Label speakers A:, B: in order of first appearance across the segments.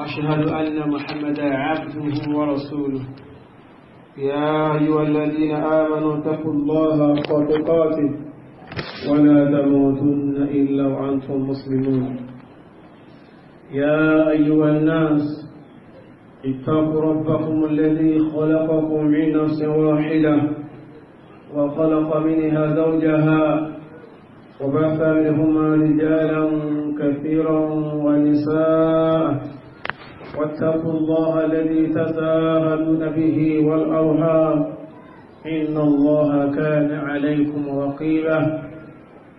A: وأشهد أن محمدا عبده ورسوله يا أيها الذين آمنوا اتقوا الله حق ولا تموتن إلا وأنتم مسلمون يا أيها الناس اتقوا ربكم الذي خلقكم من نفس واحدة وخلق منها زوجها وبث منهما رجالا كثيرا ونساء واتقوا الله الذي تساءلون به والأرهام إن الله كان عليكم رقيبا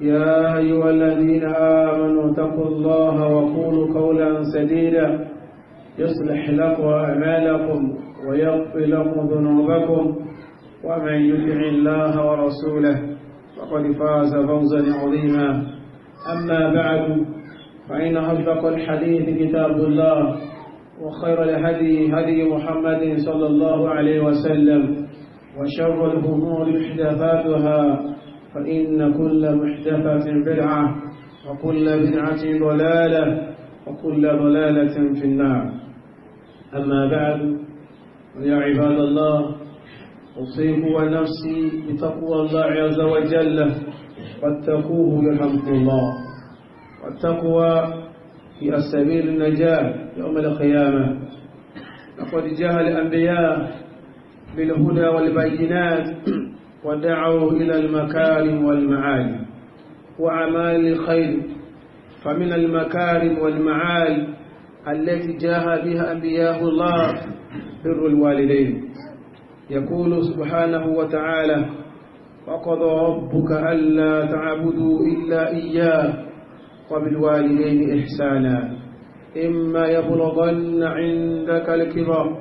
A: يا أيها الذين آمنوا اتقوا الله وقولوا قولا سديدا يصلح لكم أعمالكم ويغفر لكم ذنوبكم ومن يطع الله ورسوله فقد فاز فوزا عظيما أما بعد فإن أصدق الحديث كتاب الله وخير الهدي هدي محمد صلى الله عليه وسلم وشر الأمور محدثاتها فإن كل محدثة بدعة وكل بدعة ضلالة وكل ضلالة في النار أما بعد يا عباد الله أصيب ونفسي بتقوى الله عز وجل واتقوه بحمد الله والتقوى هي سبيل النجاة يوم القيامة لقد جاء الأنبياء بالهدى والبينات ودعوا إلى المكارم والمعالي وأعمال الخير فمن المكارم والمعالي التي جاء بها أنبياء الله بر الوالدين يقول سبحانه وتعالى وقضى ربك ألا تعبدوا إلا إياه وبالوالدين إحسانا إما يبلغن عندك الكبر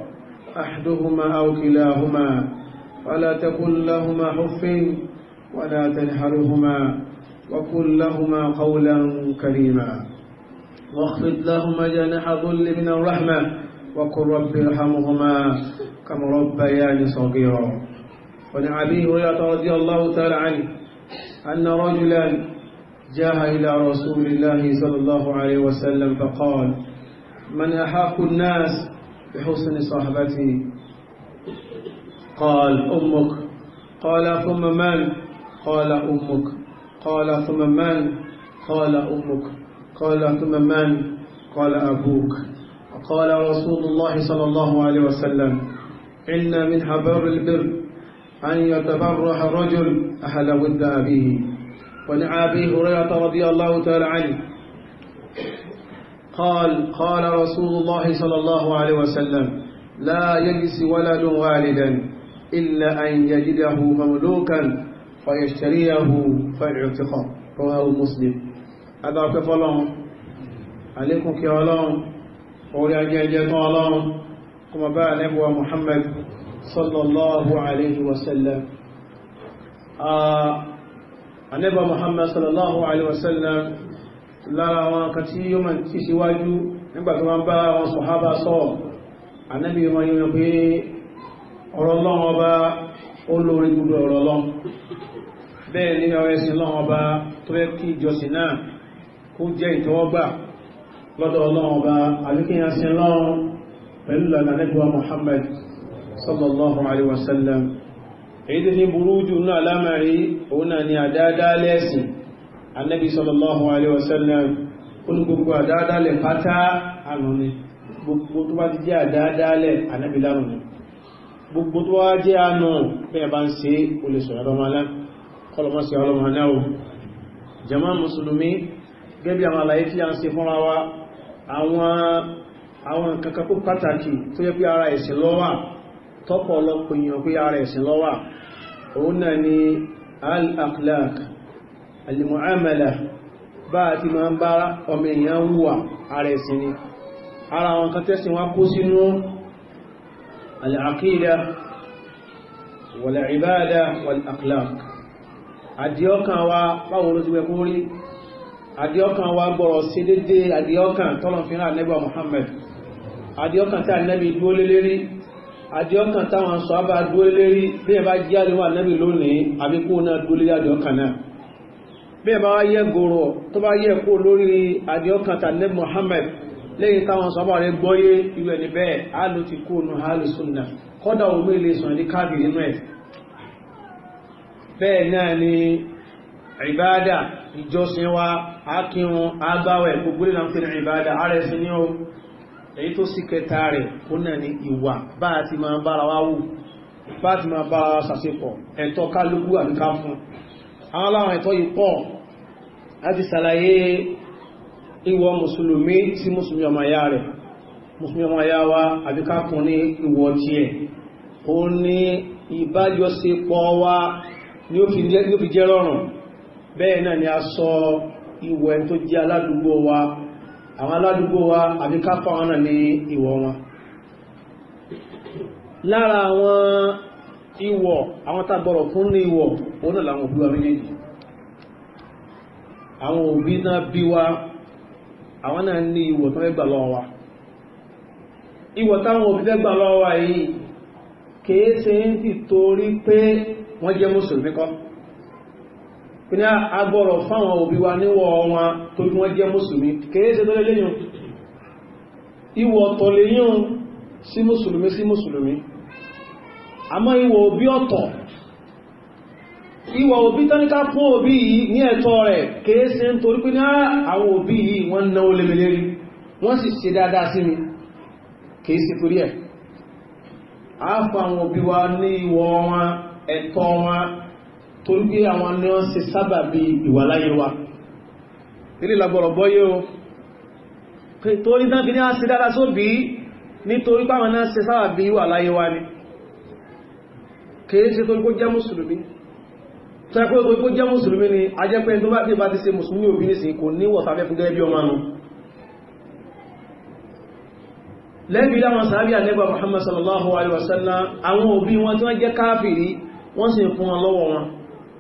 A: أحدهما أو كلاهما فلا تكن لهما حف ولا تنهرهما وكن لهما قولا كريما واخفض لهما جناح ذل من الرحمة وقل رب ارحمهما كما ربياني صغيرا وعن أبي هريرة رضي الله تعالى عنه أن رجلا جاء إلى رسول الله صلى الله عليه وسلم فقال من أحق الناس بحسن صحبتي قال أمك قال ثم من قال أمك قال ثم من قال أمك قال ثم من قال أبوك قال رسول الله صلى الله عليه وسلم إن من حبر البر أن يتبرح رجل أهل ود أبيه وعن أبي هريرة رضي الله تعالى عنه قال قال رسول الله صلى الله عليه وسلم لا يجلس ولد والدا إلا أن يجده مملوكا فيشتريه فيعتقه رواه مسلم هذا كيف الله عليكم كي الله orí ajẹ́jẹ́ tán ọlọ́run kuma bá nẹ́bùwa Muhammad sallallahu alaihi wasallam anẹ́bà Muhammad sallallahu alaihi wasallam lára wọn kan tí yóò máa ti síwájú nígbàtí wọ́n bá wọn sọ̀hábà sọ anẹ́bì wọn yóò pé ọ̀rọ̀ lọ́wọ́ bá ó lórí gbogbo ọ̀rọ̀ lọ bẹ́ẹ̀ ni ọ̀rẹ́ sí lọ́wọ́ bá tó yẹ kí ìjọsìn náà kó èyí tí ní burú jù náà lámàrí òun náà ni àdáadáa lẹ́sìn annabi sallallahu alaihi wasallam kún gbogbo àdáadáa lẹ pátá àrùn ni gbogbo tó bá ti jẹ́ àdáadáa lẹ annabi lárùn ni gbogbo tó wá jẹ́ àánú bẹ́ẹ̀ bá ń ṣe o lè sọ̀rọ̀ musulumi gẹ́bí àwọn àlàyé tí a wa àwọn kankan pàtàkì tó yẹ pé ara tọ́pọ̀ ọlọ́pọ̀ èèyàn pé ara ẹ̀sìn lọ́wà òun náà ni al-akhlaq al-mu'amala bá àti ma ń bá ọmọ èèyàn wùwà ara ẹ̀sìn ni ara wọn kan tẹ́sìn wá kó sínú al-aqida wal-ibada wal-akhlaq àdíọ́kàn wa báwọn olójúwẹ́ kó rí àdíọ́kàn wa gbọ́rọ̀ sí dédé àdíọ́kàn tọ́lọ̀ fi Muhammad àdíọ́kàn tí Ànábì dúó lé lérí àdìọ́kàn táwọn sọ bá dúró lérí bí ẹ bá jí àdéhùn ànábì lónìí àbíkú náà dúró lérí àdìọ́kàn náà bí ẹ bá wá yẹ gòrò tó bá yẹ kó lórí àdìọ́kàn tàbí Muhammad lẹ́yìn táwọn sọ bá rẹ gbọ́yé ìwẹ̀ ní bẹ́ẹ̀ á ló ti kó nu hálù súnà kọ́dà òun ilé sàn ní káàdì nínú ẹ̀ bẹ́ẹ̀ náà ni ìbáadà ìjọsìn wa á kírun á gbáwẹ̀ gbogbo ìlànà ìbáadà á rẹ̀ sí èyí tó sì kẹta rẹ̀ ó náà ni ìwà bá a ti máa bára wá wù bá a ti máa bára wá sàṣepọ̀ ẹ̀tọ́ kálukú àbíká fún àwọn aláwọn ẹ̀tọ́ yìí pọ̀ láti ṣàlàyé ìwọ mùsùlùmí sí mùsùlùmí ọmọ ya rẹ̀ wa ni ó fi ni a sọ ìwọ ẹni tó àwọn aládùúgbò wa àbí kápá wọn náà ní ìwọ̀ wọn lára àwọn ìwọ̀ àwọn tàbọ̀rọ̀ fún ní ìwọ̀ òun náà làwọn òbí wa méjèèjì àwọn òbí náà bí wa àwọn náà ní ìwọ̀ tó fẹ́ lọ́wọ́ wa ìwọ̀ táwọn òbí fẹ́ lọ́wọ́ wa yìí kèése ń ti torí pé wọ́n jẹ́ mùsùlùmí kọ́ ní agbọ́rọ̀ fáwọn òbí wa níwọ̀ wọn tó bí wọ́n jẹ́ mùsùlùmí kèése tó lélẹ́yìn ìwọ̀ ọ̀tọ̀ lèyìn sí mùsùlùmí sí mùsùlùmí àmọ́ ìwọ̀ òbí ọ̀tọ̀ ìwọ̀ òbí tánikà fún òbí yìí ní ẹ̀tọ́ rẹ̀ kèése nítorí pé ní ah, àwọn òbí yìí wọ́n náwó lèmìlérí wọ́n sì ṣe dáadáa torí ẹ̀tọ́ wọn torí pé àwọn ni wọ́n ṣe sábà bí ìwàláyé wa ilé lagbọ̀rọ̀ bọ́yé o torí náà fi ní àṣì dára sóbí nítorí pàwọn náà ṣe sábà bí ìwàláyé wa ni kìí ṣe tó jẹ́ mùsùlùmí tẹ́kọ́ tó ni a jẹ́ pé tó bá dé bá ti ṣe mùsùlùmí òbí ní sí kò ní wọ̀sáfẹ́ fún gẹ́gẹ́ wọ́n jẹ́ káàfìrí fún wọn lọ́wọ́ wọn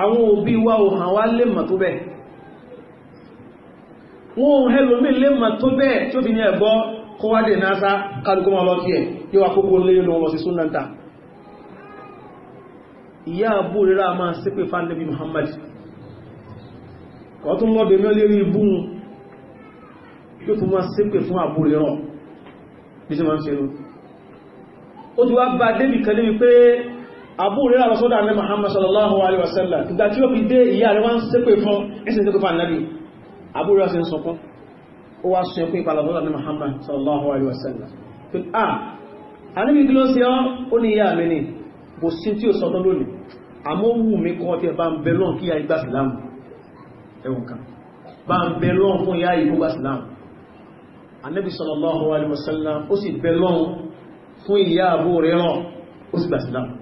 A: àwọn òbí wa ò hàn wá lè mọ̀ tó bẹ́ẹ̀ wọ́n ohun ẹlòmí lè mọ̀ tó bẹ́ẹ̀ tí ó fi ní ẹ̀gbọ́ kó wádé náà kálukú lọ kí ẹ̀ yóò wá kókó lọ lọ sí súnnanta ìyá àbú rírá máa sípè fánàbí Muhammad kọ́ tún lọ́bẹ̀ mẹ́ lérí ibùn yóò tún máa sípè fún àbú rírọ̀ bí sí máa Abu Hurairah lọ sọ́dọ̀ Ànábì Muhammad sallallahu alaihi wasallam ìgbà tí ó fi dé ìyá rẹ̀ wọ́n ṣépè fún ẹsẹ̀ ṣépè fún Ànábì Abu Hurairah sì ń sọkún ó wá sọ pé ìpàlọ̀ sọ́dọ̀ Ànábì Muhammad sallallahu alaihi wasallam fi à Ànábì kí ló ṣe ọ́ ó ní ìyá mi ni kò sí tí ó sọ lónìí àmọ́ wù mí kan ó sì bẹ fún ìyá Abu ó sì gbà sílámù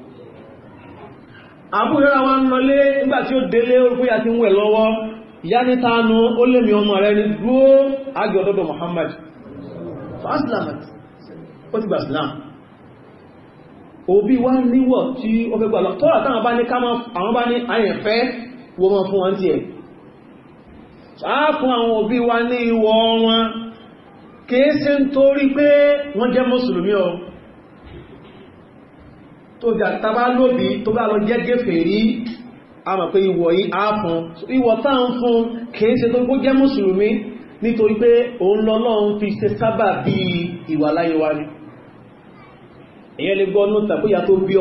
A: àbúrẹ́ra wa ń lọlé nígbà tí ó délé orúkúyà ti ń wẹ̀ lọ́wọ́ ìyá ní tánú ó lè mi ọmọ ní dúó ágbẹ̀ Muhammad fáslámat wọn sáàkùn àwọn òbí wa ní ìwọ̀ wọn kìí sí nítorí pé wọ́n tó jà tàbá lóbi tó bá lọ jẹ́gẹ́ fèrí a mọ̀ pé ìwọ̀ yìí á fún ìwọ̀ táà ń fún kìí ṣe tó kó jẹ́ mùsùlùmí nítorí pé òun lọ́lọ́run fi ṣe sábà bí ìwà láyé wa ni èyẹ́ lè gbọ́ ní tàbíyà tó bí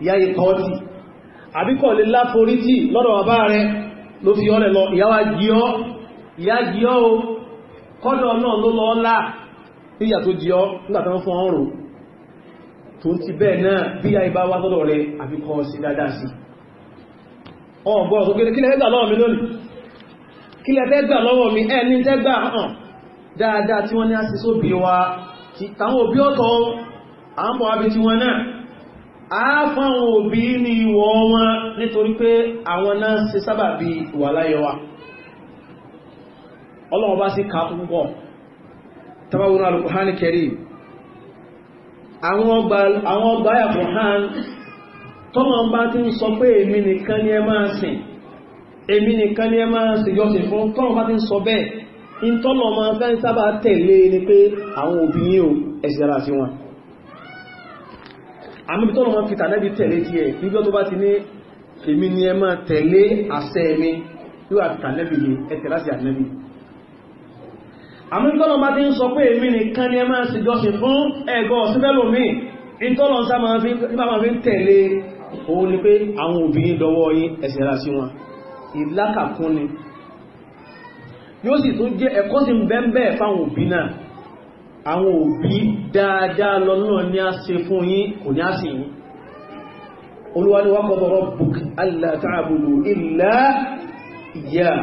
A: ìyá ìkọ́ọ̀tì kọ́dọ̀ náà ló lọ ńlá níyà tó jí ọ nígbàtà fún ọrùn tó ń ti bẹ́ẹ̀ náà bí ya ibá wá tọ́lọ̀ rẹ àfikọ́ sí dáadáa sí ọgbọ́n tó gẹ́gẹ́ kílẹ̀ ẹgbà lọ́wọ́ mi lónìí kílẹ̀ ẹgbà lọ́wọ́ mi ẹ ní tẹ́gbà hàn dáadáa tí wa táwọn òbí ọ̀tọ̀ ìwọ̀ wọn nítorí pé àwọn náà ṣe sábàbí ìwà láyé wa ọlọ́wọ́ bá sí ká púpọ̀ tàbáwọn al-Qur'an al-Karim àwọn ọgbà ayàpọ̀ hàn tọ́mọ̀ bá ti ń sọ pé èmi nìkan ni ẹ máa sìn èmi nìkan ni ẹ máa sìn yọ́sìn fún tọ́mọ̀ bá ti ń sọ bẹ́ẹ̀ in tọ́mọ̀ ma fẹ́ sábà tẹ̀lé ni pé àwọn òbí ní o ẹ̀sìn sí wọn àmì tọ́lọ̀ ma fi tàbí tẹ̀lé tí ẹ̀ nígbọ́ tó bá ti ní èmi ni ẹ máa tẹ̀lé àṣẹ mi yóò àti tàbí ẹ tẹ̀lé àṣẹ ànẹ́bì àmúkọ́lọ̀ bá ti ń sọ pé èmi nìkan ni ẹ máa sì jọ́sìn fún ẹ̀gọ́ ọ̀sífẹ́lò mi ìtọ́lọ̀ sá máa fi ń tẹ̀lé òun ni pé àwọn obìnrin dọwọ́ yín ẹ̀sẹ̀ ra sí wọn ìlákàkún ni yóò sì tún jẹ́ ẹ̀kọ́ sí bẹ́ẹ̀bẹ́ fáwọn òbí náà illa iyyah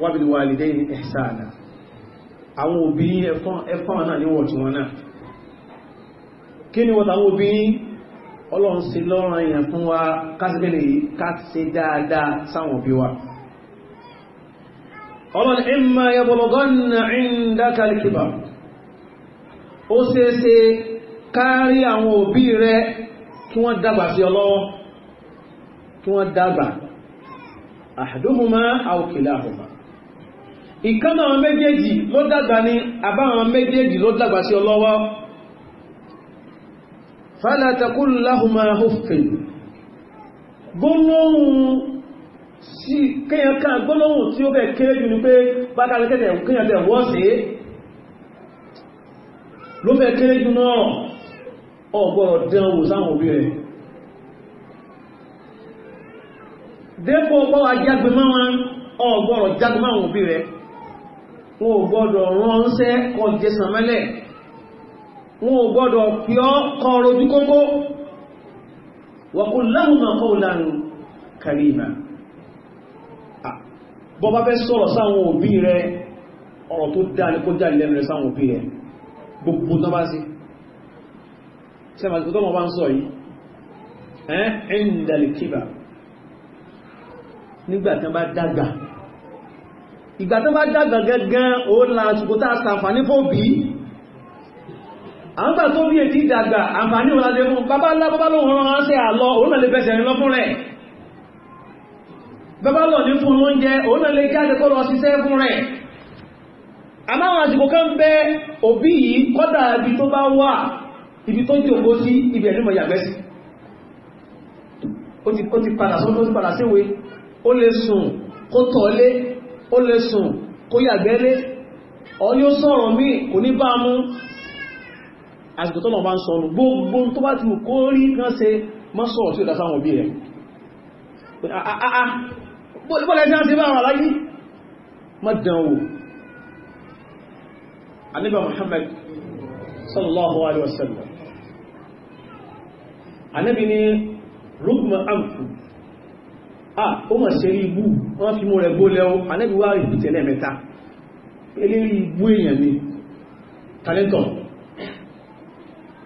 A: wa bil walidayni ihsana àwọn òbí ẹfọ́n náà níwọ̀n tí wọ́n náà kí ni wọ́n tàwọn òbí ọlọ́run sí lọ́rọ̀ èèyàn fún wa kásìbẹ̀lẹ̀ káàkiri dáadáa sáwọn òbí wa ọlọ́run imma yablughanna indaka al-kibar ó ìkánà àwọn méjèèjì ló dàgbà ní àbáwọn méjèèjì ló dàgbà sí ọlọ́wọ́ fala taqul lahuma huffin gbólóhùn sí kíyàn ká gbólóhùn tí ó kẹ́ kéré jù ní pé bákàlẹ́kẹ́tẹ̀ kíyàn tẹ̀ wọ́ sí ló fẹ́ kéré jù náà ọgbọ̀rọ̀ dánwò sáwọn òbí rẹ̀ dépò ọgbọ́ ajágbé máa ọgbọ̀rọ̀ jágbé máa òbí rẹ̀ wọn ò gbọ́dọ̀ wọ́n ń sẹ́ kọ jẹsàn mẹ́lẹ̀ wọn ò gbọ́dọ̀ pí ọ́ kọ rojú kókó wọ́kú láhùnmà kọ́ lánàá kàríma bọ́ bá fẹ́ sọ̀rọ̀ sáwọn òbí rẹ ọ̀rọ̀ tó dáa ní kó jáde lẹ́nu rẹ sáwọn òbí rẹ gbogbo tó bá sí sẹ́mà ìgbà tó bá dàgbà gẹ́gẹ́ òun la àsìkò tá a sàǹfàní fò bí àwọn gbà tó bí èdè ìdàgbà àǹfàní òun láti fún bàbá ńlá bàbá lóhun ránṣẹ́ àlọ òun náà lè fẹsẹ̀ rìn lọ fún rẹ̀ bàbá lọ ní fún oúnjẹ òun náà lè jáde kó lọ ṣiṣẹ́ fún rẹ̀ àmáwọn àsìkò kan bẹ òbí yìí kọ́dà ibi tó bá wà ibi tó jòkó sí ibi ẹ̀rí mọ̀ yàgbẹ́ sí ó ti padà sọ́dún ó ti padà síwé ó lè sùn kó tọ́lé ó lè sùn kó yàgbẹ́lé ọ ni ó sọ̀rọ̀ mí kò ní bá mú àsìkò tọ́lọ̀ bá ń sọ gbogbo tó bá ti mú kó rí rán se mọ́ sọ̀rọ̀ tí ó dásáwọn òbí rẹ̀ bọ́lẹ̀ tí a ti bá wà láyé mọ́ Muhammad sallallahu alaihi wasallam anábì ni rúgbùn amfù Ah, ó mọ̀ sí rí ibú wọ́n fi mú rẹ̀ gbólẹ̀ o anẹ́bí wá rí mẹ́ta eléri ibú èèyàn ni talentọ̀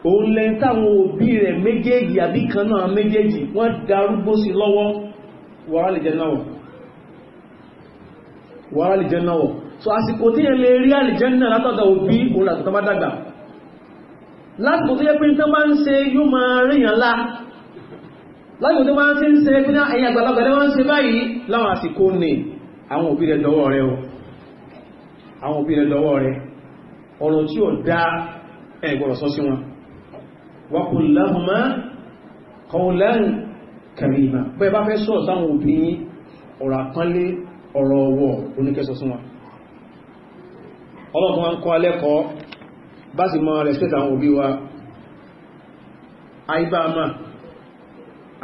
A: òun lẹ́yìn táwọn òbí rẹ̀ méjèèjì àbí kan náà méjèèjì wọ́n darúgbó sí lọ́wọ́ wàrà lè jẹ́ so àsìkò tí yẹn lè rí àlìjẹ́nà látọ̀dọ̀ òbí òun àtọ̀tọ̀ bá dàgbà lásìkò tó yẹ pé tán bá ń ṣe yóò máa ríyàn lá láti ọdún wọ́n ti ń ṣe pé náà ẹ̀yìn àgbàlagbà lẹ́wọ́n ṣe báyìí láwọn àsìkò ní àwọn òbí rẹ̀ lọ́wọ́ rẹ̀ o àwọn òbí rẹ̀ lọ́wọ́ rẹ̀ ọ̀rọ̀ tí ó dá ẹgbọ̀rọ̀ sọ sí wọn waqul lahuma qawlan karima bẹ́ẹ̀ bá fẹ́ sọ sáwọn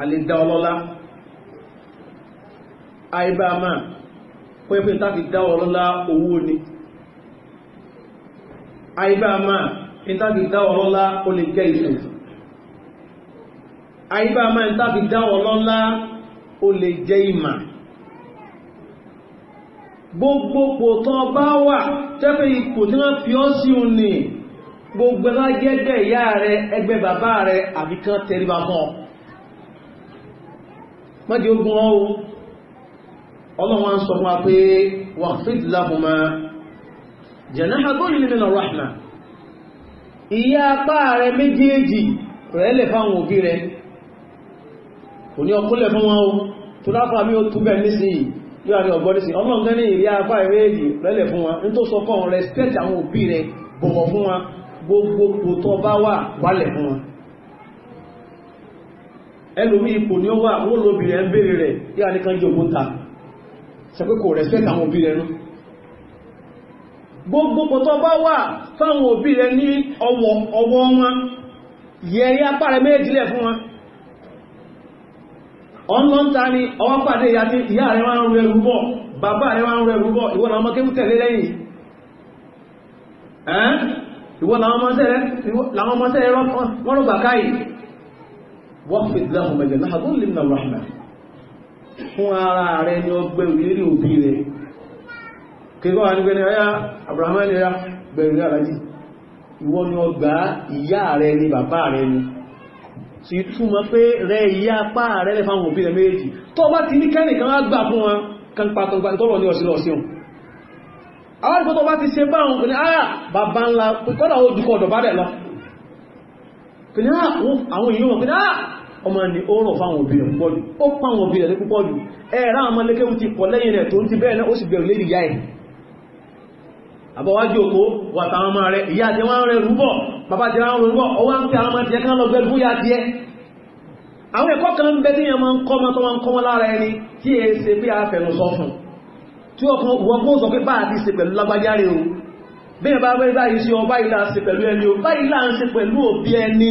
A: àlèdá ọlọ́lá àìbámá pẹ́pẹ́ tàbí dá ọlọ́lá owó ni àìbámá ìtàbí dá ọlọ́lá o lè jẹ́ ìsìn àìbámá ìtàbí dá ọlọ́lá o lè jẹ́ ìmà gbogbogbò tán bá wà tẹ́fẹ́ ipò tí wọ́n fi ọ́ sí òun ni gbogbo ẹgbẹ́ ìyá rẹ ẹgbẹ́ bàbá rẹ àbíkán tẹríba fún ọ mọ́dí ogun ọwọ́ ọlọ́wọ́n ń sọ fún wa pé wà fíd láhùnmá jẹ̀náhà tó yìí nínú rahma ìyá apá rẹ méjèèjì rẹ̀ lè fáwọn òbí rẹ̀ kò ní ọkúnlẹ̀ fún wọn o tó láfà mí ó túbẹ̀ nísìnyí yóò rí ọgbọ́n ẹlòmí ipò ní ó wà wọ́n lóbìnrin ẹ ń bèèrè rẹ̀ yí a nìkan jẹ́ ògùn ta ṣẹ̀pẹ́ kò respect àwọn òbí rẹ̀ nú gbogbo pọ̀tọ́ bá wà fáwọn òbí rẹ̀ ní ọwọ́ wọn yẹ̀rí apá rẹ̀ méjìlẹ̀ fún wọn ọlọ́ntà ni ọwọ́ pàdé ìyá tí ìyá rẹ̀ wá ń rẹ̀ rúbọ̀ bàbá rẹ̀ wá ń rẹ̀ rúbọ̀ ìwọ́n àwọn ọmọ kéwú tẹ̀lé lẹ́yìn ìwọ́n àwọn ọmọ sẹ́rẹ̀ wọ́n rọ̀gbà káyìí واخفض لهما جناح ذل من الرحمة fún ara rẹ̀ ni ó gbẹ̀rù lérí òbí rẹ̀ kíkọ́ wà ní pé ní ọyá abrahamani rá gbẹ̀rù ní alájí ìwọ ni ọgbà ìyá rẹ̀ ni bàbá rẹ̀ ni tí túnmọ̀ pé rẹ̀ ìyá apá rẹ̀ lè fáwọn òbí tó bá ti ṣe báwọn ní àyà bàbá ńlá kọ́dà ó dúkọ̀ ọ̀dọ̀ bá rẹ̀ lọ ọmọ ni ó rọ̀ fáwọn òbí rẹ̀ púpọ̀ jù ó pàwọn òbí rẹ̀ púpọ̀ jù ẹ̀rá àmọ́ lékéwù ti pọ̀ lẹ́yìn rẹ̀ tó ń ti bẹ́ẹ̀ náà ó sì bẹ̀rù lérí ìyá ẹ̀ àbọ̀wájú òkó wàtàwọn ọmọ rẹ̀ ìyá àti wọn rẹ̀ rúbọ̀ bàbá ti ráwọn rúbọ̀ ọwọ́ ń fi àwọn ọmọ tiẹ̀ kán lọ gbẹ́rù fún ìyá tiẹ̀ àwọn ẹ̀kọ́ bí ẹ bá báyìí ṣe ọ báyìí là pẹ̀lú ẹni o báyìí là ń ṣe pẹ̀lú òbí ẹni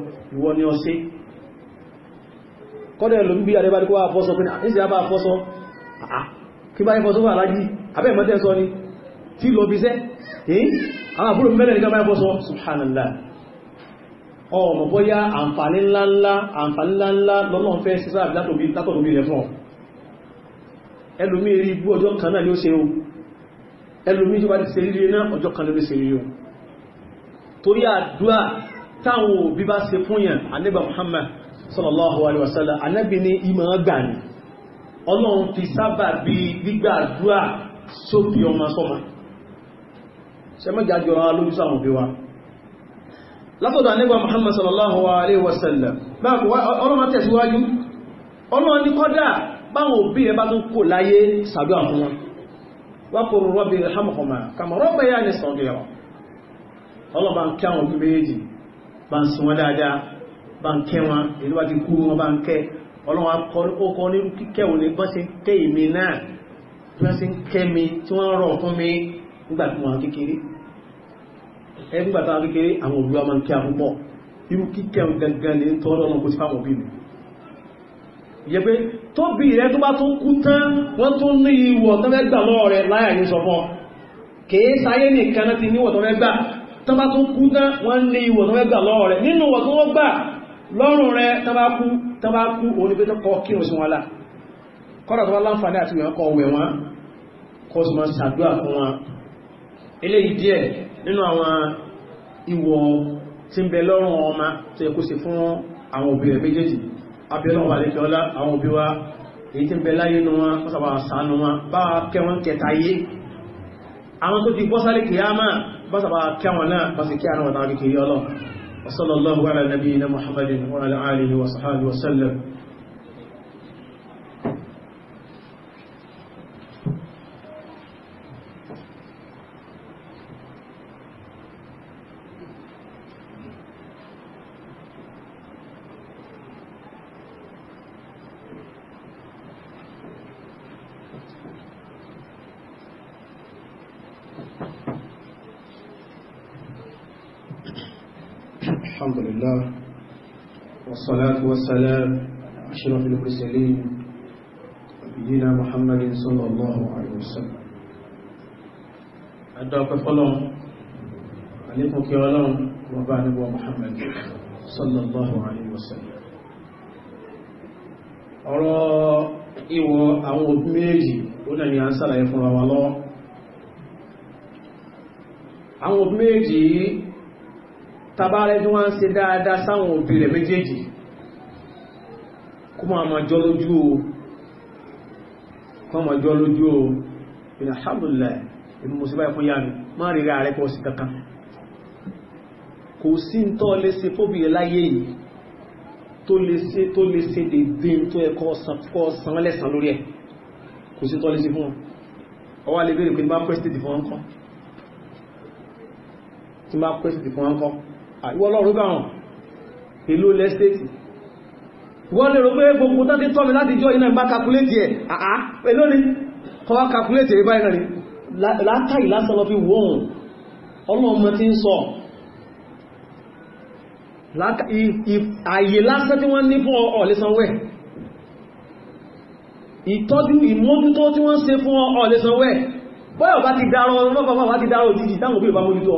A: ìwọ ni ọ sí kọ́dẹ̀ ló ń bí adébá díkọ́ àfọ́sọ pé ah, ní ìsìyàbá àfọ́sọ ah, ah, kí bá ní fọ́sọ wà lájí abẹ́ ìmọ́tẹ́ sọ ni tí lọ bí sẹ́ èyí eh, àwọn àbúrò mẹ́lẹ̀ nígbà máa fọ́sọ subhanallah ọmọ bóyá àǹfààní ńláńlá àǹfààní ńláńlá lọ́nà fẹ́ sísá látòbí látòbí rẹ̀ fún ẹlòmí erí ibú ọjọ́ kan náà ni ó ṣe o ẹlòmí tó bá ti ṣe rírí náà ọjọ́ kan ló ṣe rírí o torí àdúrà táwọn òbí bá ṣe fún yàn anábì Muhammad sallallahu alaihi wasallam anábì ní ìmọ̀ ọgbà ni ọlọ́run fi sábà bí gbígbàdúrà sóbi ọmọ sọmọ ṣẹmọ́jájọ́ ara lójú sáwọn òbí wa látọ̀dọ̀ Muhammad sallallahu alaihi wasallam ọlọ́run tẹ̀síwájú ọlọ́run ní kọ́dà báwọn òbí ẹ bá tún kò láyé sàdúrà fún wọn wá kò rọ́bì ìrìnàmọ̀kọ̀mà kàmọ̀rọ̀ bẹ̀yà ní sọ̀gẹ̀rọ̀ ọlọ́run bá ń kí àwọn òbí méjì bá ń sun wọn dáadáa bá ń kẹ́ wọn èyí wá ti kú wọn bá ń kẹ́ ọlọ́wọ́ akọ́ ní kíkẹ́ òní bọ́ ṣe ń kẹ́ èmi náà bí wọ́n ṣe ń kẹ́ mi tí wọ́n rọ̀ fún mi nígbà tí wọ́n kékeré ẹgbà tàbí kékeré àwọn òbí wa máa ń kí àwọn pọ̀ irú kíkẹ́ òun gangan ní tọ́rọ ọmọ kò sí fáwọn òbí mi yẹ pé tó bí rẹ tó bá tó kú tán wọ́n tó ní ìwọ̀ tó mẹ́gbà lọ́rẹ̀ láyà ní sọ fún kèé sáyé nìkan láti níwọ̀ tó mẹ́gbà tó bá tún kú tán wọ́n ní ìwọ̀ tó fẹ́ gbà lọ́wọ́ rẹ̀ nínú ìwọ̀ tó wọ́n gbà lọ́rùn rẹ̀ tó bá kú tó bá kú òní pé tó kọ kírun sí wọn lá kọ́rọ̀ tó bá láǹfààní àti ìwọ̀n kọ wẹ̀ wọn àwọn tó wa èyí tí ń bẹ láyé nù wọn wọ́n sábà sànù wọn bá kẹwọn ti bọ́ sálẹ̀ bọ́sàbà kẹwọn náà bọ́sì kí àwọn ọ̀nà kékeré ọlọ́ وصلى الله على نبينا محمد وعلى آله وصحبه وسلم الحمد لله والصلاة والسلام أشرف المرسلين نبينا محمد صلى الله عليه وسلم أدعوك فلان عليكم كيالان وبعد محمد صلى الله عليه وسلم ọ̀rọ̀ ìwọ àwọn òbí méjì ó náà ni a ń sàlàyé fún wa lọ àwọn òbí méjì tàbárẹ́ tí wọ́n ń ṣe dáadáa sáwọn òbí rẹ̀ méjèèjì kó máa jọ lójú o kó máa jọ lójú o alhamdulillah ìmú mo sí báyìí fún yánu má rí rẹ̀ ààrẹ pọ̀ sí kankan kò sí ń tọ́ lé ṣe fóbi láyé yìí tó lè ṣe tó lè ṣe lè dín tó ẹkọ́ san lẹ́sàn lórí ẹ̀ kò sí tọ́ lé ṣe fún wọn ọwá lè bèèrè pé bá pẹ́sìtì fún wọn kan àríwọ́ ọlọ́run bá wọn èlò lẹ́sẹ̀tì wọ́n lè rò pé gbogbo tó ti tọ́ mi láti jọ iná ìbá kàkúlétì ẹ̀ àá èlò ni kọwa kàkúlétì ẹ̀ báyìí rẹ̀ látàí lásán lọ fi wọ́n ọlọ́mọ tí ń sọ àyè lásán tí wọ́n ní fún ọ̀lẹ́sanwẹ́ ìtọ́jú ìmójútó tí wọ́n ṣe fún ọ̀lẹ́sanwẹ́ bọ́yọ̀ bá ti dárọ̀ ọlọ́pàá bá ti dárọ̀ òjijì táwọn òbí ìbámójútó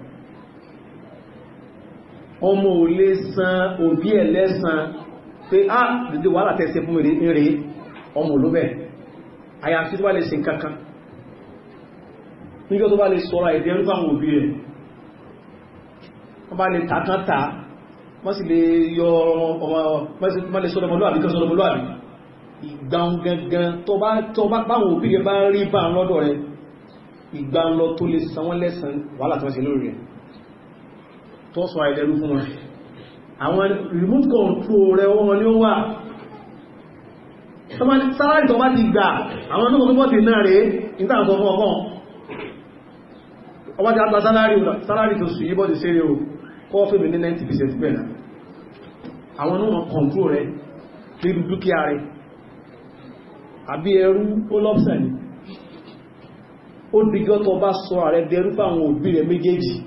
A: ọmọ ò lè san òbí ẹ̀ lẹ́san pé á ah, dìde wàhálà tẹ́sẹ fún eré ọmọ ló bẹ̀ àyàfi tó bá lè ṣe kankan nígbà tó bá lè sọ́ra ẹ̀dẹ́ ń fáwọn òbí rẹ̀ wọ́n bá lè tàkántà wọ́n sì lè yọ ọmọ wọ́n lè sọ́dọ̀ ọmọlúwàbí kan sọ́dọ̀ ọmọlúwàbí ìgbàun gangan tó bá báwọn òbí rẹ̀ bá rí bá lọ́dọ̀ rẹ̀ ìgbàun lọ tó lè san wọ́n lẹ́san wàhálà tó ṣe lórí rẹ̀ tó sọ àìlẹ́rú fún wọn àwọn remote control rẹ̀ wọ́n ni ó wà sáláàrì tó bá ti gbà àwọn ọdún ọdún bọ́tì náà rẹ̀ ìtàkùn ọba àtà sáláàrì tó yíbọ́ ti o 90% bẹ́ẹ̀ àwọn ọdún control rẹ̀ dúkìá rẹ̀ àbí ẹrú ó lọ́pṣẹ̀ ni ó bá sọ ààrẹ dẹrú fáwọn òbí rẹ̀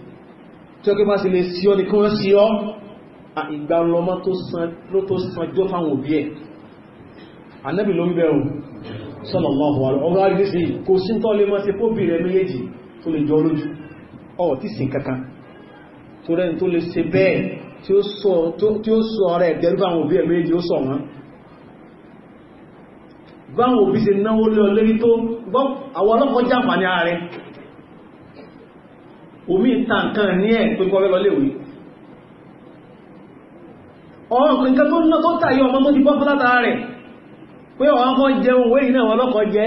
A: tí ó kí bá sì lè sí ọ ní kí wọ́n sí ọ ìgbà lọmọ ló tó sanjọ́ fáwọn òbí ẹ̀ anábì ló ń bẹ̀rù sallallahu alaihi ọgbà ìrísí kò sí tọ́ lè máa ṣe fóbì rẹ̀ méjèèjì tó lè jọ lójú ọ̀ tí sin kankan tó rẹ̀ tó lè ṣe bẹ́ẹ̀ tí ó sọ rẹ̀ dẹ̀rù fáwọn òbí ẹ̀ méjèèjì ó sọ wọn báwọn òbí ṣe náwó lé ọ lérí tó àwọn ọlọ́kọjá àǹfààní ààrẹ omi ìta nǹkan ní ẹ̀ pé kọ́ lọ léwe ọ̀rọ̀ pé nǹkan tó ná tó tàyé ọmọ tó ti bọ́ fún látara rẹ̀ pé ọ̀rọ̀ kan jẹ ohun wéyìn náà wọn lọ́kọ̀ jẹ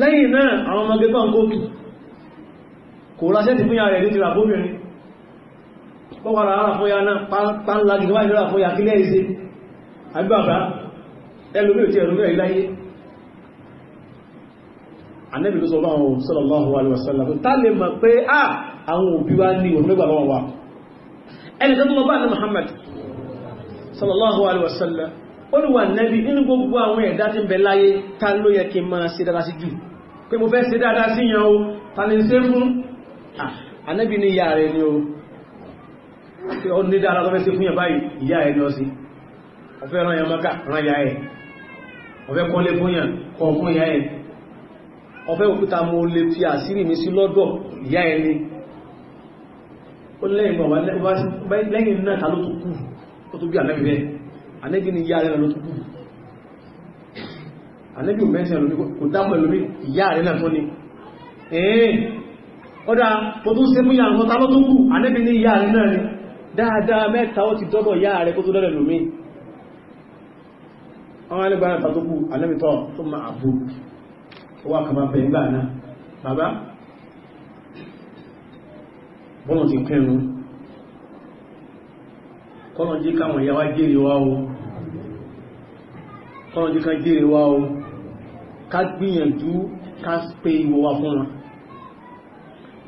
A: lẹ́yìn náà àwọn ọmọ gẹ́gọ́ ń kókì kò ráṣẹ́ ti fún ya rẹ̀ létí ràbóbìnrin pọ́wàrà ara fún ya náà pánlá gidi wáyé lọ́ra fún ya kílẹ̀ ìse àbí ẹlòmí ò ti ẹ̀rùmí ẹ̀ láyé anẹ́bì ló sọ bá àwọn sallallahu alaihi wasallam tá lè mọ̀ pé à àwọn òbí wa ní òmìnigbà lọ́wọ́ wa ẹni tó lọ́bá ní Muhammad sallallahu alaihi wasallam ó ní wà nẹ́bì inú gbogbo àwọn ẹ̀dá tí ń bẹ láyé ta ló yẹ kí máa ṣe dáadáa sí jù pé mo fẹ́ ṣe dáadáa sí yan o ta ni ṣe fún anẹ́bì ní ìyá rẹ̀ ni o ní dáadáa tó fẹ́ ṣe fún yàn báyìí ìyá rẹ̀ ni ó sí ọ̀fẹ́ ran yàn mọ́ká ran yà ẹ̀ ọ̀fẹ́ kọ́lé fún yàn kọ̀ fún yà ẹ̀ ọ̀fẹ́ òkúta mo lè fi àṣírí mi sí lọ́dọ̀ ìyá ẹni ó lẹ́yìn náà ta ló tó kú ó tó bí ànẹ́bì bẹ́ẹ̀ ànẹ́bì ni ìyá rẹ̀ ló tó kú ànẹ́bì ò mẹ́sẹ̀ lómi kò dámọ̀ lómi ìyá rẹ̀ náà tó ni ẹ̀ẹ́ ọdá tó tún ṣe fún ìyàwó ta ló tó kú ànẹ́bì ni ìyá rẹ̀ ó wà kàmá bẹ̀ ńgbà náà bàbá bọ́nà ti kẹrùn kọ́nà jí káwọn ìyá wá jèrè wá o kọ́nà jí ká jèrè wá o ká gbìyànjú ká pé ìwọ wa fún wọn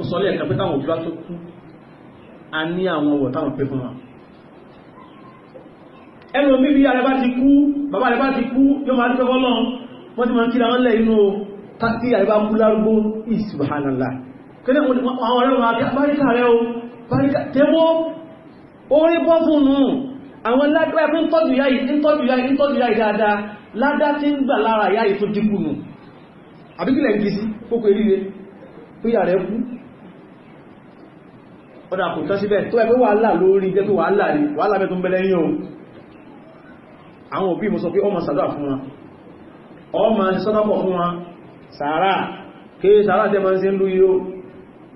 A: ó sọ lẹ́ẹ̀kan pé táwọn òbí bá tó kú a ní àwọn ọwọ̀ táwọn pé fún wọn ẹnu omi bí alẹ́bá ti kú bàbá alẹ́bá ti kú yóò máa dúpẹ́ fọ́lọ́run wọ́n ti máa ń kíra wọn lẹ̀ inú o tàbí àríwá múlárúgbó ìsìbáhánàlá kílẹ̀ àwọn ọ̀rẹ́ wọn àti àbáríkà rẹ̀ o báríkà tẹ́wọ́ orí bọ́ fún nù àwọn ládá fún tọ́jú yáyì tọ́jú yáyì tọ́jú yáyì dáadáa ládá tí ń gbà lára yáyì tó dínkù nù àbíkílẹ̀ ń gisi kókò eríre pé yà rẹ̀ kú ọ̀dà kò tán síbẹ̀ tó ẹgbẹ́ wàhálà lórí jẹ́ pé wàhálà rí wàhálà àwọn òbí mo sọ pé ọmọ sàdọ́ fún wọn ọmọ sọ́dọ́pọ̀ fún wọn sàárà kí sàárà tẹ́ mọ́ sí ń lú yíó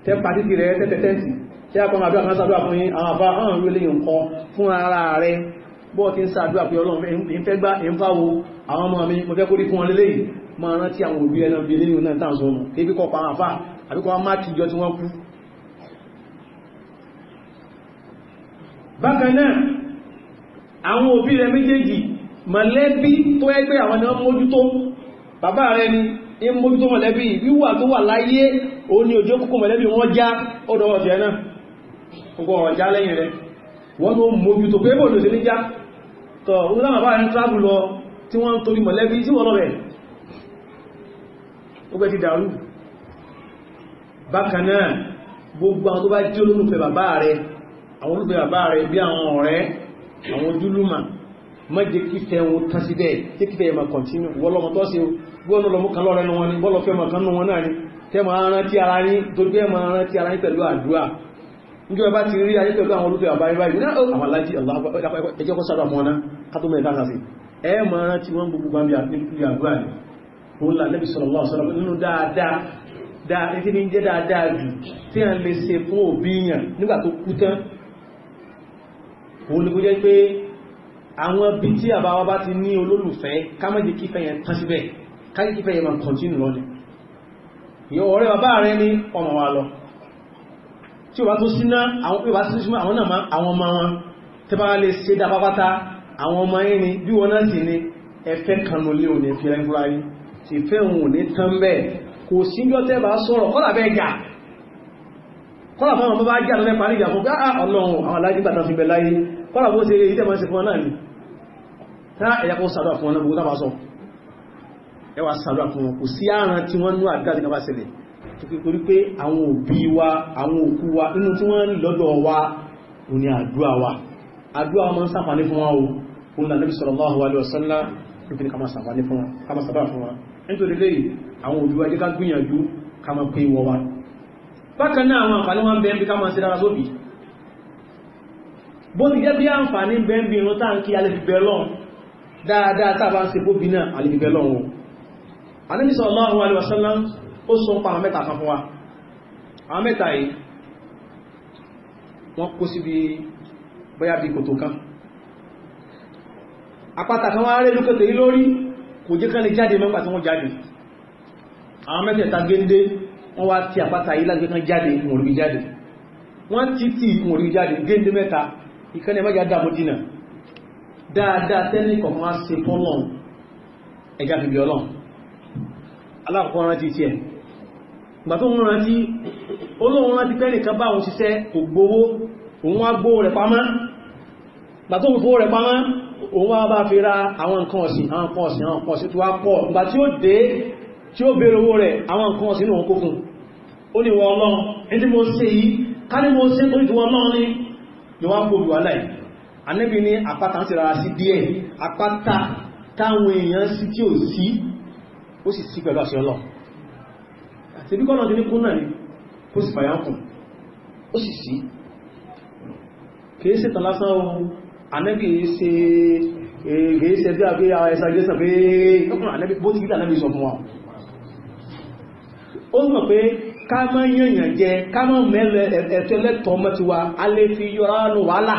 A: tẹ́ pàtítì rẹ̀ tẹ́tẹ̀tẹ́sì tí a kọ́nà àdúrà sàdúrà fún yí àwọn àfá àwọn ìwé lè nǹkan fún ara rẹ̀ bọ́ ti ń sàdúrà pé ọlọ́run ń fẹ́ gbá ń fáwo àwọn ọmọ mi mo fẹ́ kórí fún wọn lélẹ́yìí máa rántí àwọn òbí ẹran bí nínú náà tàn sọnù kébí kọ́ pa àwọn àfá àbí kọ́ má tìjọ tí wọ́n kú bákan náà àwọn méjèèjì mọ̀lẹ́bí tó ẹgbẹ́ àwọn náà mójútó bàbá rẹ̀ ni ń mójútó mọ̀lẹ́bí wíwà tó wà láyé ó ní ojú kúkú mọ̀lẹ́bí wọ́n já ọdọ̀ ọ̀fẹ́ náà ọgbọ̀ ọ̀já lẹ́yìn rẹ̀ wọ́n tó mójútó pé bò lòsí ní já tọ̀ oúnjẹ́ àwọn àbáyẹn tráàbù lọ tí wọ́n ń torí mọ̀lẹ́bí tí wọ́n lọ́rẹ̀ ó pẹ́ ti dàrú bákan náà gbogbo àwọn tó bá jẹ́ olólùfẹ́ bàbá gbọ́nà lọ mú kan lọ́rẹ́ nu wọn ni bọ́lọ̀ fẹ́ mọ̀ kan nu wọn náà ni tẹ́ máa rántí ara yín torí pé máa rántí ara yín pẹ̀lú àdúrà níjọ́ bá ti rí ayé pẹ̀lú àwọn olùfẹ́ àbáyé báyìí náà àwọn alájí ẹjẹ́ kó sábà mọ́ná kátó mẹ́ta kàfí ẹ máa rántí wọn gbogbo bá mi àti àdúrà ni òun là Nabi sallallahu alaihi wasallam nínú dáadáa dáa ní ní jẹ́ dáadáa jù tí a lè se fún òbí yàn nígbà tó kú tán òun lè kó jẹ́ pé àwọn bí tí àbáwá bá ti ní olólùfẹ́ ká má jẹ́ kí fẹ́yẹn tán síbẹ̀ káyí kí fẹ́yẹ ma kọ̀ntínú lọ ní yọ ọ̀rẹ́ bàbá rẹ ní ọmọ wa lọ tí o bá tó síná àwọn ìwà sí ṣúmọ́ àwọn náà àwọn ọmọ wọn tẹ́ bá lè ṣe dá pápátá àwọn ọmọ yìí ni bí wọ́n náà sì ní ẹfẹ́ kanú lé òní fi rẹ́gbúra yìí sì fẹ́ òun ò ní tán bẹ́ẹ̀ kò síjọ́ tẹ́ bá sọ̀rọ̀ kọ́là bẹ́ẹ̀ jà kọ́là fún àwọn bá jà lọ́fẹ́ parí ìjà fún gáà ah, ọlọ́run àwọn alájígbà tán fi bẹ̀ láyé kọ́là bó ṣe ilé ìtẹ́mọ̀ sí fún ọ náà ni tá ẹ̀yà kó sàdọ̀ fún ọ náà gbogbo tá bá sọ ẹ wá sàdúrà fún wọn kò sí àrùn tí wọ́n ní àdúrà tí wọ́n bá ṣẹlẹ̀ torí pé àwọn òbí wa àwọn òkú wa nínú tí wọ́n ń lọ́dọ̀ wa ò ní àdúrà wa àdúrà wọn sàfàní fún wọn o òun là níbi sallallahu alaihi wasallam níbi ká máa sàfàní fún wọn ká máa sàfàní fún wọn nítorí lè àwọn òbí wa jẹ́ ká gbìyànjú ká máa pé dáadáa tábà ń ṣe bóbi náà alẹ́ fi Ànábì sallallahu alaihi wasallam ó sọ pa àwọn mẹ́ta kan fún wa àwọn mẹ́ta yìí wọ́n kó síbi bóyá bí kòtò kan àpáta kan wá rẹ̀ lókètè yí lórí kò jẹ́ kan lè jáde mẹ́gbà tí wọ́n jáde àwọn mẹ́tẹ̀ẹ̀ta géńdé wọ́n wá ti àpáta yí lágbé kan jáde mọ̀rí jáde wọ́n ti ti mọ̀rí jáde géńdé mẹ́ta ìkẹ́ni dáadáa tẹ́lẹ̀ kọ̀kan se fọ́lọ́n ẹjá bìbì ọlọ́run alákọ̀ọ́ rántí tí ẹ̀ gbà tó ń rántí olóhun rántí pẹ́ nìkan bá òun ṣiṣẹ́ kò gbowó òun wá gbó rẹ̀ pamọ́ gbà tó ń fó rẹ̀ pamọ́ òun wá bá fi ra àwọn nǹkan ọ̀sìn àwọn nǹkan ọ̀sìn àwọn nǹkan ọ̀sìn tó wá pọ̀ gbà tí ó dé tí ó bèèrè owó rẹ̀ àwọn nǹkan ọ̀sìn ní òun kó fún ó ní wọ́n lọ́n ẹni mo ṣe yìí ká ní mo ṣe torí wọn náà ní ni wọ́n kó lùwà láì anẹ́bí ní àpáta ń sì rárá sí díẹ̀ àpáta táwọn èèyàn sí tí ò sí ó sì sí pẹ̀lú àṣẹ ọlọ́ àti bí kọ́nà dínkù náà ni kó sì fàyà kùn ó sì sí kìí sí tàn lásán ohun anẹ́bì ṣe èyí ṣe bí àgbé àwọn ẹ̀sà gẹ́sà pé ọkùnrin bó ti gílà anẹ́bì sọ fún wa ó mọ̀ pé ká mọ́ yẹ̀yàn jẹ ká mọ́ mẹ́lẹ̀ ẹ̀tẹ́lẹ́tọ̀ mọ́ ti wa alẹ́ fi yọ́ránù wàhálà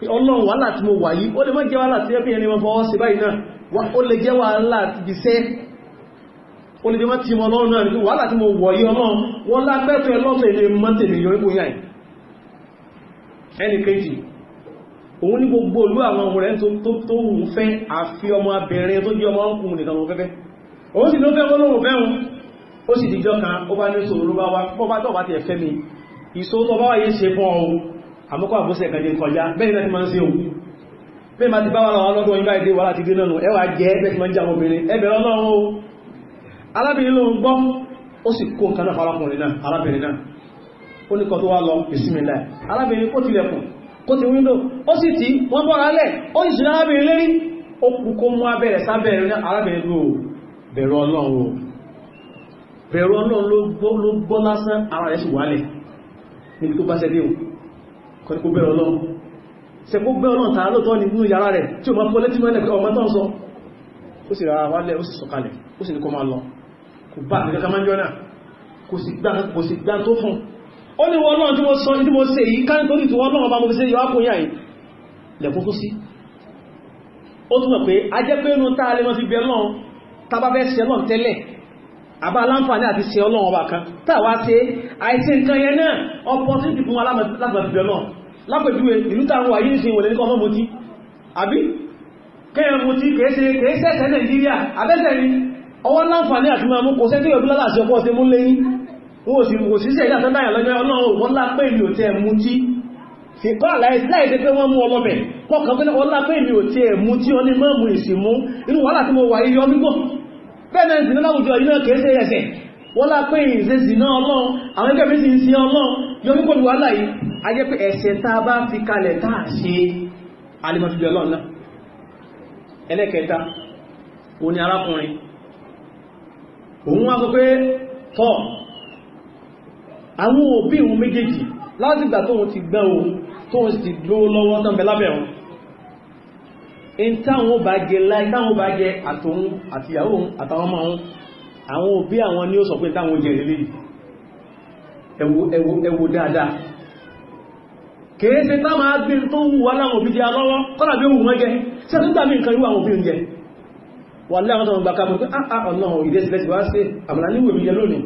A: pé ọlọ́run wàhálà tí mo wà yìí ó lè mọ́ jẹ́ wàhálà tí ẹ fi ẹni mọ́ fọwọ́ sí báyìí náà ó lè jẹ́ wàhálà ti bí sẹ́ ó lè jẹ́ mọ́ tí mo lọ́run náà nítorí wàhálà tí mo wọ̀ yìí ọlọ́run wọ́n lágbẹ́tọ̀ ẹlọ́tọ̀ ilé mọ́ tèmi yọ ipò yàn ẹni kejì òun ní gbogbo olú àwọn ọmọ rẹ̀ tó wù fẹ́ àfi ọmọ abìnrin tó jẹ́ ọmọ ọkùnrin nìkan wọn fẹ́fẹ́ òun sì ló fẹ́ wọn lóhùn fẹ́hùn ó sì dìjọ́ kan ó bá ní sòrò ló bá wá bọ́ bá tọ́ bá ti àmọ́kọ́ àbúsẹ̀ kan jẹ́ kọjá bẹ́ẹ̀ láti máa ń ṣe ohun bẹ́ẹ̀ máa ti bá wà láwọn ọlọ́dún ìgbà ìdí wà láti dínà nù ẹwà jẹ́ ẹgbẹ́ ti máa ń jà obìnrin ẹbẹ̀ ọlọ́run o alábìnrin ló ń gbọ́ ó sì kó nǹkan ti wíńdò ó sì tí wọ́n bọ́ rálẹ̀ ó sì sùn alábìnrin lérí ó kú kó mú abẹ́rẹ̀ sábẹ́rẹ̀ ní alábìnrin ló bẹ̀rù ọlọ́run o bẹ̀rù ló gbọ́ lásán ara rẹ̀ sì wálẹ̀ níbi tó bá ṣẹ́ dé o kọ́nikó bẹ̀rẹ̀ ọlọ́run ṣe kó bẹ́ ọlọ́run tàà lóòtọ́ nínú yàrá rẹ̀ tí o máa fọ́ létí mẹ́lẹ̀ ọmọ tán sọ ó sì rárá wálẹ̀ ó sì sọ̀kalẹ̀ ó sì ní kó máa lọ kò bá nìkan máa jọ́nà kò sì gbá tó fún ó ní wọ́n mo sọ ní mo ṣe yìí ká nítorí tí wọ́n náà bá mo fi ṣe yọ ápò àbá aláǹfààní àti ṣe ọlọ́run ọba kan tàwa ṣe àìsí nǹkan yẹn náà opportunity fún alábàbìbẹ̀ náà lápẹ̀júwe ìlú táwọn wà yìí nìsìn ìwòlẹ̀ nìkan ọmọ mutí àbí kẹ́yàn mutí kèése kèésẹ̀ẹ̀sẹ̀ nàìjíríà abẹ́sẹ̀ ni ọwọ́ láǹfààní àti máa mú kò sẹ́ tí yọ̀dú lálàsí ọpọ́ sí mú lẹ́yìn wọ́n sì mú kò sí sẹ́yìn àtọ́ dáyà lọ́jọ́ ọlọ́run wọ́n lápẹ́ ìlú tẹ́ mutí fi kọ́ àláìsẹ́ pé wọ́n mú ọlọ́bẹ̀ kọ́kàn pé wọ́n lápẹ́ bẹ́ẹ̀ zìnà láwùjọ yìí náà kèése ẹ̀sẹ̀ wọ́n lá pé ìṣẹ́ zìnà ọlọ́run àwọn ẹgbẹ́ mi sì ń sin ọlọ́run yọ mú pẹ̀lú wàhálà yìí a jẹ́ a bá fi kalẹ̀ tá a ṣe alimọ̀tìjọ ọlọ́run òbí òun méjèèjì láti ìgbà tóun ti gbẹ́ òun tóun sì dúró lọ́wọ́ tán bẹ lábẹ́ òun in táwọn ò bá jẹ láì táwọn ò bá jẹ àtòun àtìyàwó òun àtàwọn ọmọ òun àwọn òbí àwọn ni ó sọ pé táwọn jẹ lélẹ̀ ẹwò ẹwò ẹwò dáadáa kìí ṣe tá máa gbé tó wù wá láwọn òbí jẹ alọ́wọ́ kọ́nà bí wù wọ́n jẹ ṣe tó gbàmí nǹkan irú àwọn òbí oúnjẹ wà láwọn ọmọ gbàkà mọ̀ pé áà ah, ah, ọ̀nà ìdẹ́sìlẹ́sì wá sí àmàlà níwò ìbí jẹ lónìí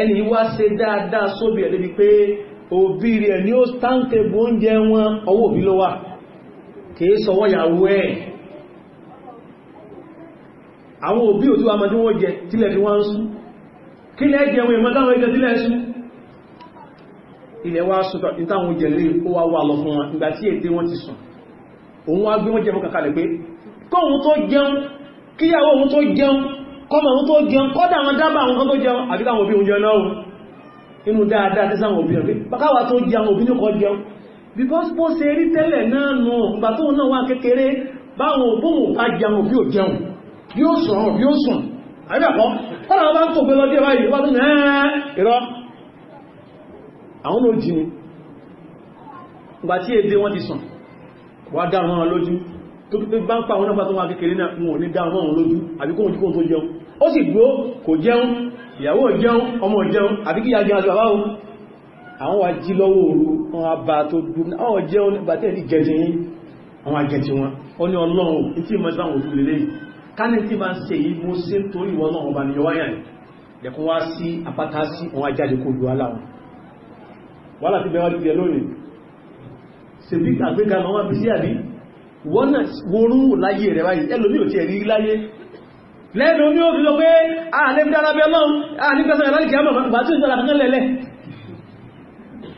A: ẹni wá ṣe dáadáa sóbì ẹ̀ débi pé òbí kìí sọwọ́ yàwó ẹ̀ àwọn òbí òtí wa mọ́dún wọ́n jẹ tílẹ̀ fi wọ́n ń sú kí lẹ́ jẹ wọn ìmọ́dáwọn ẹgbẹ̀ tílẹ̀ sú ilẹ̀ wá sútọ̀ ìtàwọn jẹ lè ó wá wà lọ fún wọn ìgbà tí èdè wọn ti sùn òun wá gbé wọn jẹ fún kàkàlẹ̀ pé kóhun tó jẹun kíyàwó òun tó jẹun kọmọ òun tó jẹun kọ́dà wọn dábà àwọn kan tó jẹun àbí táwọn òbí òun jẹun náà inú dáadáa tí sáwọn òbí rẹ̀ pé bákáwà tó jẹun òbí ní kọ jẹun because bó ṣe rí tẹ́lẹ̀ náà nù ìgbà tó náà wá kékeré báwọn òbóhùn ká jẹun bí ò jẹun bí ó sọ̀rọ̀ bí ó sùn àríwàkọ́ tọ́lá bá ń kò pé lọ́dí ẹwàá ìwọ́n tó ní ẹ̀rọ àwọn ló jí ni ìgbà tí èdè wọ́n ti sùn wà dáa wọn lójú tó pípé bá ń pa àwọn náà tó wà kékeré náà wọn ò ní dáa wọn lójú àbí kóhun jíkóhun tó jẹun ó sì dúró kò jẹun ìyàwó jẹun ọmọ jẹun àbí kíyà jẹun àti bàbá àwọn wà jí lọ́wọ́ òru wọn bá tó dùn àwọn jẹ́ onígbàtẹ́ ìdí gẹ̀ẹ́jẹ́ yìí àwọn agẹ̀ẹ́jì wọn ó ní ọlọ́run tí mọ́ sí àwọn òfin lélẹ́yìn káni tí ma ń se yìí mú sí torí ìwọ̀n náà ọba nìyọ wáyà ní lẹ́kún wá sí apáta sí àwọn ajáde kó lù aláwọn wọ́n láti bẹ̀rẹ̀ ìgbẹ̀ lónìí se bí àgbéga ma wọ́n bí sí àbí wọ́n náà worún láyé rẹ̀ báyìí ẹlòmí ò ní ó fi lọ pé àà ní dára bí ọlọ́run àà ní bí dára bí ọlọ́run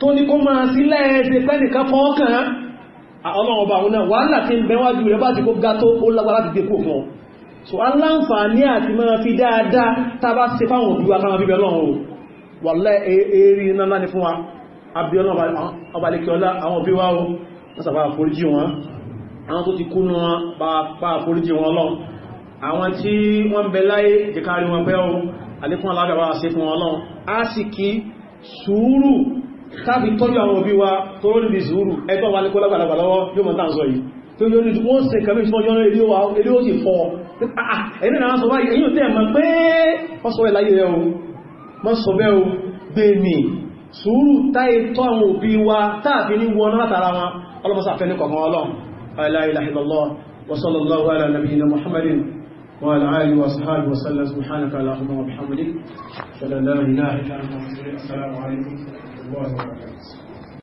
A: tó ní kó máa sí lẹ́ẹ̀ẹ́sẹ̀ pẹ́nìkan fọ́ọ̀kàn ọlọ́run ọba àwọn náà wàhálà tí ń bẹ wájú rẹ̀ bá ti kó ga tó ó lágbára ti dékò fún ọ so aláǹfààní àti máa fi dáadáa tàbá ṣe fáwọn òbí wa ká máa bíbẹ̀ ọlọ́run wà lẹ́ eré iná ńlá ní fún wa àbí ọlọ́run ọba lè kí ọlá àwọn òbí wa ó wọ́n sàbá àforíjì wọn àwọn tó ti kú nù wọn bá àforíjì wọn lọ àwọn tí wọ́n bẹ láyé jẹ́kárí wọn pẹ́ ohun àlékún alágbàbà ṣe fún wọn lọ́wọ́ á sì kí sùúrù káàfi tọ́jú àwọn òbí wa tó rọ́ níbi zúúrù ẹgbọ́n wa ní kó lágbàlagbà lọ́wọ́ yóò mọ̀ tàà sọ yìí tó yóò ní wọ́n se kẹ́mí fún ọjọ́ eré ó sì fọ́ ah, ẹni náà sọ báyìí èyí ò tẹ́ mọ̀ pé ọ sọ ẹ̀láyé rẹ̀ o mọ́ sọ bẹ́ o gbé mi sùúrù táì tọ́ wa táàfi ní wọn látara wọn la ilaha illallah wa ala nabiyyina muhammadin wa ala alihi wa sahbihi wa la ilaha illa anta astaghfiruka wa الله وبركاته